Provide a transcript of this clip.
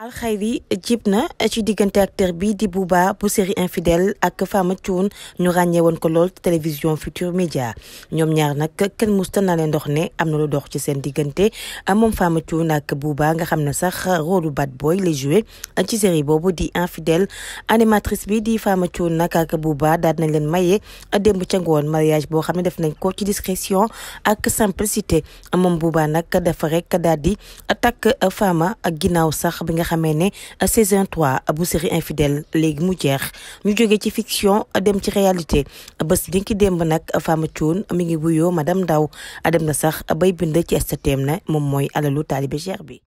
alxayri jib na ci diggante acteur bi di Bouba bu série infidèle ak Fama Thioune ñu ràññee woon ko lool ci télévision Futur Média ñoom ñaar nag kan musta na leen ndox ne am na lu dox ci seen diggante moom Fama Thioune ak Bouba nga xam ne sax rôle lu bad boy lay joué ci série boobu di infidèle animatrice bi di Fama Thioune nag ak Bouba daal nañ leen maye demb ca ngoon mariage boo xam ne def nañ ko ci discrétion ak simplicité moom Bouba nag defa rek daal di takk Fama ak xamee ne saison 3 bu série infidèle léegi mu jeex ñu jógee ci fiction dem ci réalité bés ni ki démb nag Fama Thioune mi ngi wuyoo madame a dem na sax bay binde ci statèm na moom mooy alalu taalibe Cheikh bi